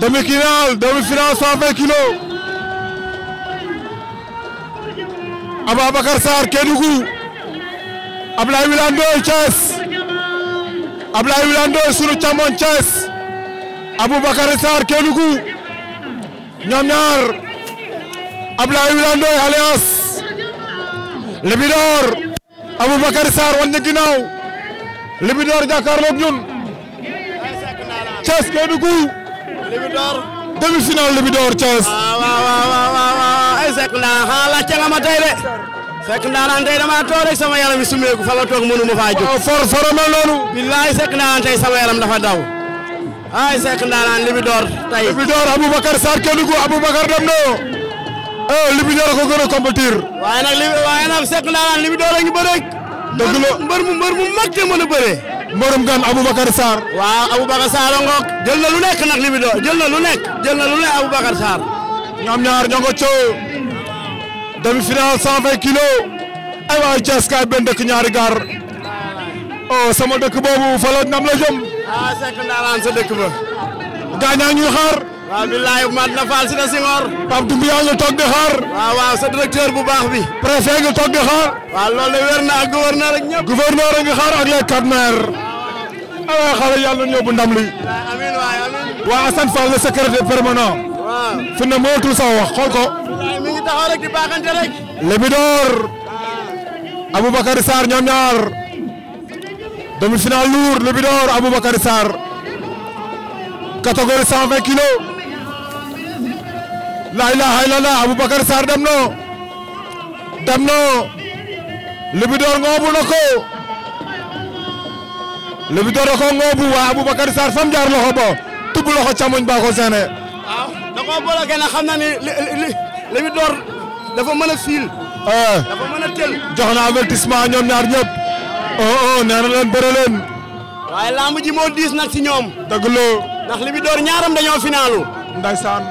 demi-finale demi-finale 120 kilos Ababacar Sarr Kédougou Ablaye Wilane Ndoye Thiès Ablaye Wilane Ndoye sunu càmmoñ Thiès Aboubacar Sarr ñaar Ablaye Wilane Ndoye wan ñu ginnaaw Libidor jàkkaarloog ñun Thiès Kédougou Libidor demi-finale Libidor Thiès. Ah, waaw waaw waaw waaw ay Seck ndaanaan xanaa laajte nga ma tey de Seck ndaanaan tey damaa toog rek sama yaram yi sumeeku fa ma toog mënu ma faa jóg. waaw for foro mel noonu. billaay Seck ndaanaan tey sama yaram dafa daw. ay Seck ndaanaan Libidor tey. Libidor Aboubacar Sarr Kédougou Aboubacar dem na. eh Libidor ko gën a compétir. waaye nag li waaye nag Seck ndaanaan Libidor a ngi bëre. dëgg la mbër mu mbër mu mag te mën a bëree. Mborom gan Aboubacar Sarr. waaw Aboubacar Sarr ngoog. jël na lu nekk nag li mu jël na lu nekk. jël na lu nekk Aboubacar Sarr. ñoom ñaar ñoo ko coow. demi-finale 120 kilos. ay waay Thiès kaay benn dëkk ñaari gar oh sama dëkk boobu fa la nam la jëm. ah c'est que ndaalaan sa dëkk ba. waaw billaay mat na faal si na Senghor. Pape Doumbia nga toog di xaar. waaw waaw sa directeur bu baax bi. préfet nga toog di xaar. waaw loolu de wér na ak gouverneur ak ñëpp. gouverneur nga xaar ak les quatre maires. Ah aywa xale yàlla na yóbbu ndam li. amiin waay amiin. waa Assane Fall le secrétaire permanent. waaw fi mu ne mënatul sa wax xool ko. mi ngi taxaw rek di baaxante rek. Libidor. Aboubacar Sarr ñoom ñaar. demi-finale lourd Libidor Aboubacar Sarr. catégorie 120 kilos. la ilaha illallah Aboubacar Sarr dem na dem na Libidor ngoobu na ko Libidor da ko ngoobu waa Aboubacar Sarr fam jaar loxo ba tubb loxo càmmoñ baa ko seene waaw da ko xam na ni Libidor dafa mën a fiil eh. dafa mën ñaar ñëpp oh oh nee na leen waaye lamb ji moo diis nag ci ñoom dëgg la ndax Libidor ñaaram dañoo finalu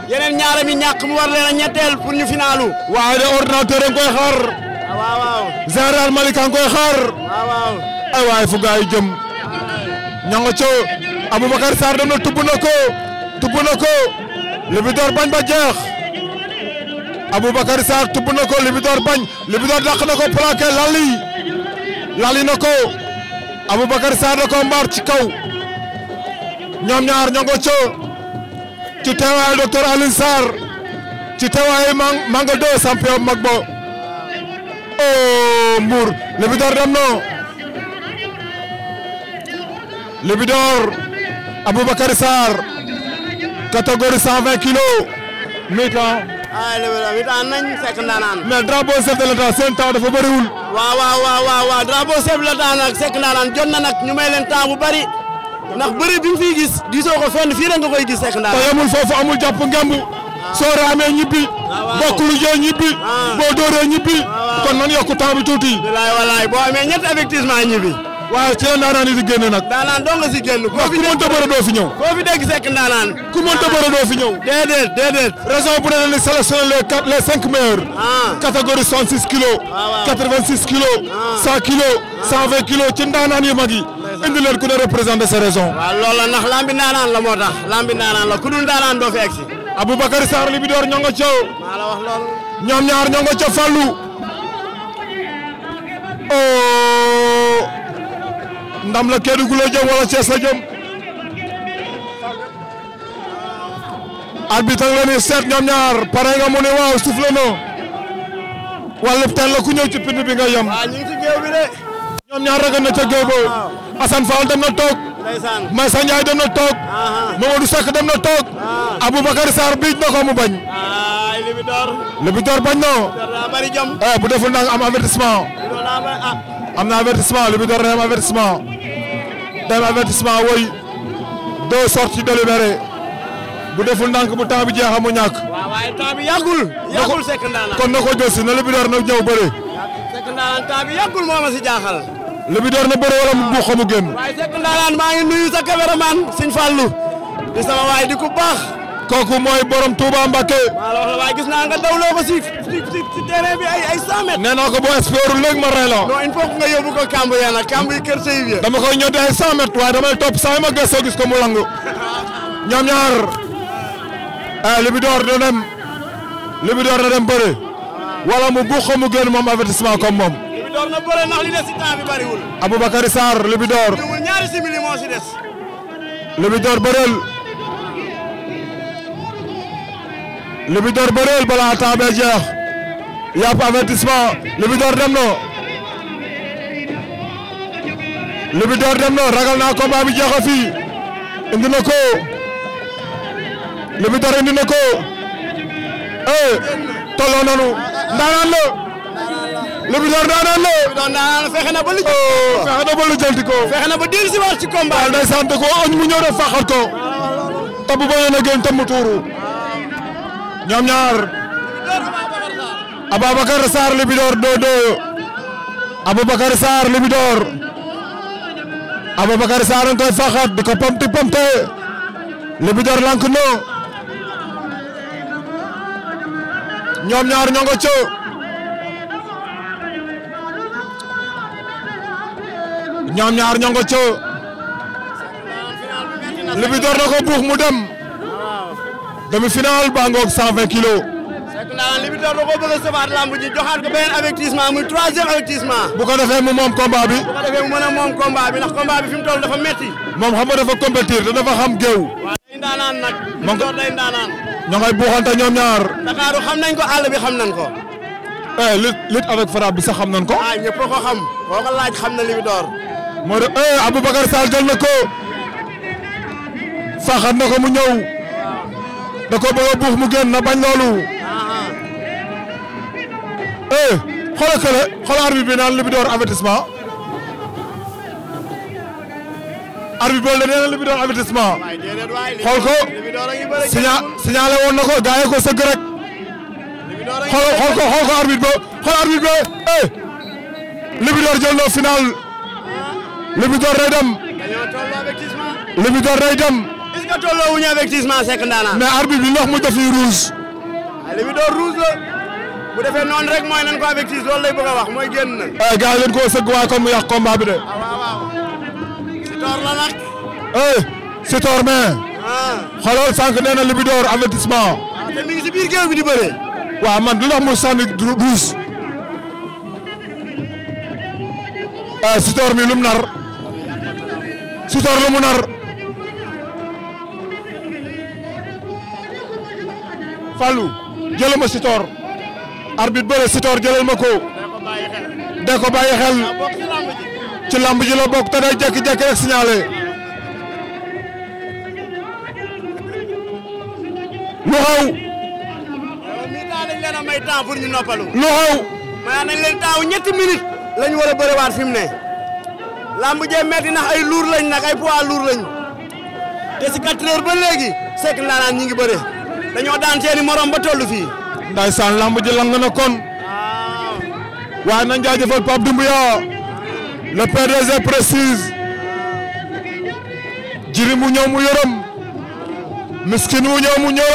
yeneen ñaara mi ñàkk mu war leen a ñetteel pour ñu finalu waaye de ordinateur a ngi koy ah, Malika a ngi koy xaar ah, fu gaay jëm ña nga co Aboubacar Sarr dem na tubb na ko tubb na ko Libidor bañ ba jeex Aboubacar Sarr tubb na ko bañ Libidor dàq na ko plaqué lali lali na ko Aboubacar Sarr da ko mbaar ci kaw ñoom ñaar ña nga ci teewaayu docteur Alioune Sarr ci teewaayu Manga 2 champion mag ba oh Mbour Libidor dem na Libidor Aboubacar Sarr catégorie 120 kilos mi-temps. ah Libidor mi-temps nañ fekk ndaanaan. mais drapeau chef de l'État seen temps dafa bëriwul. waaw waaw waaw waaw drapeau chef de l'État nag fekk ndaanaan na nag ñu leen temps bu bari. ndax bëri bi mu fiy gis gisoo ko fenn fii rek nga koy gis rek ndax. te yemul foofu amul jàpp ngemb. soo raamee ñibbi. bokk lu yi di fi dégg fi ñëw. koo fi dégg sekk ndaanaan. ku mënta bëre ci ndaanaan yi. indi leen ku ne représenté sa région. waaw loolu la ndax moo tax lambi ndaanaan ku dul ndaanaan doo fi egg si. Aboubacar Sarr li ca. maa la ñaar ñoo nga ca Fallou. Oh. ndam la Kédougou la jëm wala la jëm. arbitre la ni seet ñoom ñaar pare nga mu ne waaw soufflé na wala teel la ku ñëw ci pind bi nga yem. waaw ñaar ragal na ca géew ba. Assane Fall dem na toog. Maysa Ndiaye dem na toog. Mamadou Sakk dem na toog. Ah. Aboubacar Sarr biij na ko mu bañ. Ah, Libidor. Libidor bañ na. Eh, bu deful nag am avertissement. Ah. am na avertissement Libidor day am avertissement. day am woy deux sorties délibérées bu deful bu temps bi jeexam mu ñàkk. waaw waaye temps bi kon na ko jël na Libidor na ñëw bëre. sekk ndaanaan temps bi yàggul Libidor na bëre wala mu buux ko mu génn. maa ngi nuyu sa cameraman Sëñ Fallou. di sama waay di ku baax. kooku mooy borom Touba Mbakke. waaw naa nga dawloo ko si si bi ay ay 100 mètres. nee naa ko boo espérer léegi ma rey la. non nga yóbbu ko kamb yi nag yi kër Seye bi. dama koy ñëw ay 100 waaye damay topp saa yi ma gëstoo gis ko mu langu. ñoom ñaar ah Libidor na dem Libidor na dem bëre. wala mu buux ko mu génn moom avertissement comme moom. Libidor na bëre ndax li des si temps bi bariwul. temps bee jeex. yàpp avertissement Libidor dem na. Libidor dem na ragal naa combat bi jeexoo fii. indi na ko. Libidor indi ko. eh tolloo nanu ndaanaan la. le Libidor daanaan la. Libidor daanaan fexe na ba lu. fexe na ba lu jëlti ko. fexe na ba dellu si waat ci combat. waaw ndeysaan da koo oñ mu ñëw faxal ko. te bu bañoon a gën te mu tuuru. ñoom ñaar. Ababacar Sarr Libidor Dodo. ababakar sar Libidor. Ababacar Sarr nga koy faxat di ko pamti pamte. Libidor lank no. ñoom ñaar ñoo nga ñoom ñaar ñoo nga coo Libidor na buux mu dem demi-finale baa ngoog 120 kilos. fekk a sëfaat lamb ji joxaat ko beneen avertissement muy troisième avertissement. bu ko defee mu moom combat bi. mu mën a moom combat bi ndax combat bi fi mu dafa metti moom xam nga dafa compétir te dafa xam géew. waaw day ndaanaan nag. Libidor day ndaanaan. ñoo ngay buuxante ñoom ñaar. Ndakaaru xam nañ ko àll xam nañ ko. eh lutte lutte avec frappe bi sax xam nañ ko. ah ñëpp ko xam. boo ko laaj xam na Libidor moo de eh Aboubacar Sall jël na ko faxat na ko mu ñëw da ko bëgg buux mu génn bañ loolu eh xoolal kële xoolal arbitre bi naan li bi door xool ko signal signalé woon na ko gaaye ko sëgg rek xool ko xool ko arbitre ba xool arbitre ba eh, na final. Libidor day dem. Libidor day dem. est-ce que tolloo wuñu avertissement Seck Ndana. mu def fii rouge. ah Libidor rouge defee noonu rek mooy nan ko avertisse loolu lay bëgg a wax mooy génn na. eh gars koo sëgg waaye kon mu yàq combat de. ah waaw waaw. Sitor la nag. eh Sitor mais. Ah. Ah, eh, nar. Sitor lu mu nar Fallou jëlee ma Sitor arbitre bëre Sitor jëlal ma ko de ko bàyyi xel ci lamb ji la bokk te day jékki-jékki rek signalé lu xaw lu xaw may nañ leen temps ñetti minutes lañu war a bëriwaat fi mu ne lamb jee metti ndax ay luur lañ nag ay poids luur lañ te si 4 heures ba léegi sekk ndaanaan ñi ngi bëre dañoo daan morom ba toll fii. ndaysaan lamb ji na kon. waaye nañ jaajëfal Pape Doumbia le PDG précise jiri mu ñëw mu miskin mu ñëw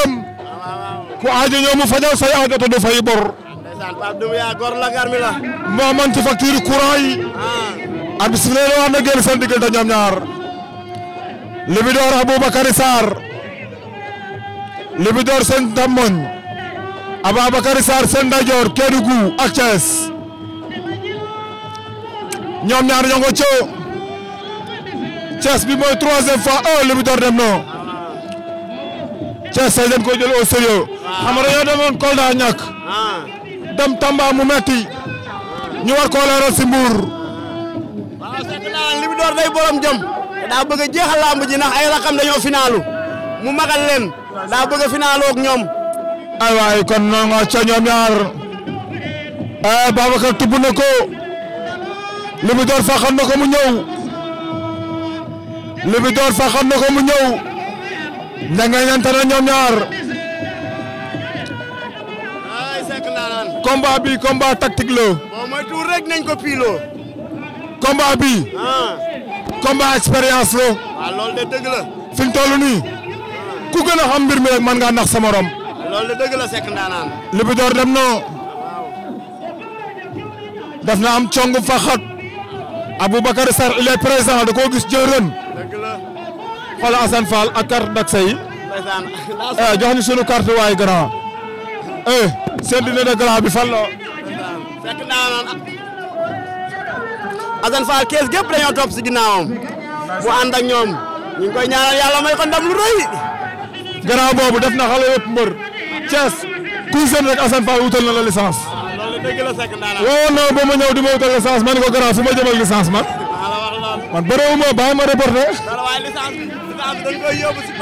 ku aajo ñëw mu say aajo te du fay bor. Pape Doumbia gor la garmi arbitre bi la wax na génn seen diggante ñoom ñaar Libidor Aboubakary Sarr Libidor seen dammoñ Aboubakary Sarr seen ndajoor Kédougou ak Thiès ñoom ñaar ñoo ngi ko bi mooy troisième fois oh Libidor dem non Thiès tey dañ koy jël au sérieux xam nga dañoo Kolda ñàkk ah. dem Tamba mu metti ñu war koo leeral li mu door day borom jom daa bëgg a jeexal lamb ji ndax ay rakam dañoo finalu mu magal leen daa bëgg a finaalu ak ñoom. ay waay kon noonu nga ca ñoom ñaar eh, Babacar tubb na ko li door fa xam na mu ñëw li door fa xam na mu ñëw da ngay ñanta na ñoom ñaar. combat bi combat tactique la. boo moytuwul rek nañ ko piiloo. combat bi ah. combat expérience la. waaw ah, loolu de dëgg la. fi nii ku gën xam mbir mi rek mën ngaa nax sa morom. loolu de dem na daf na am cong faxat Aboubacar Sarr il est présent da koo gis jërën. dëgg la. xoolal ak carte d'accès yi. eh jox ñu sunu carte waay grand. eh seen dîner de gala bi Assane Fall kees gépp dañoo topp si ginnaawam mu ànd ak ñoom ñu ngi koy ñaanal yàlla ko ndam lu rëy. gannaaw boobu def na xale yëpp mbër Thiès kuy rek Assane Fall wutal na la licence. loolu dëgg la sekk naa di ma wutal licence ma ko gannaaw fu ma jëmal licence man. man bëriwu ma bàyyi ma reporté. bi licence bi dañ koy yóbbu si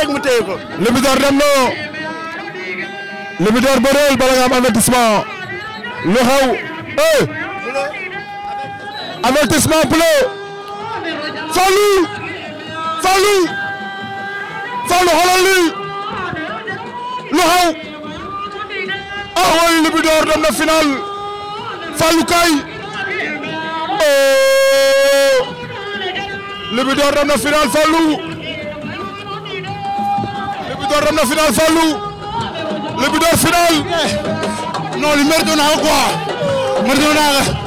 rek mu téye ko. Libidor dem na Libidor bala nga am lu xaw eh. avertissement bleu Fallou Fallou Fallou xoolal lii lu ah Libidor dem final Fallou kay oh. Libidor dem final Fallou Libidor dem final Fallou Libidor final non li merdona quoi merdona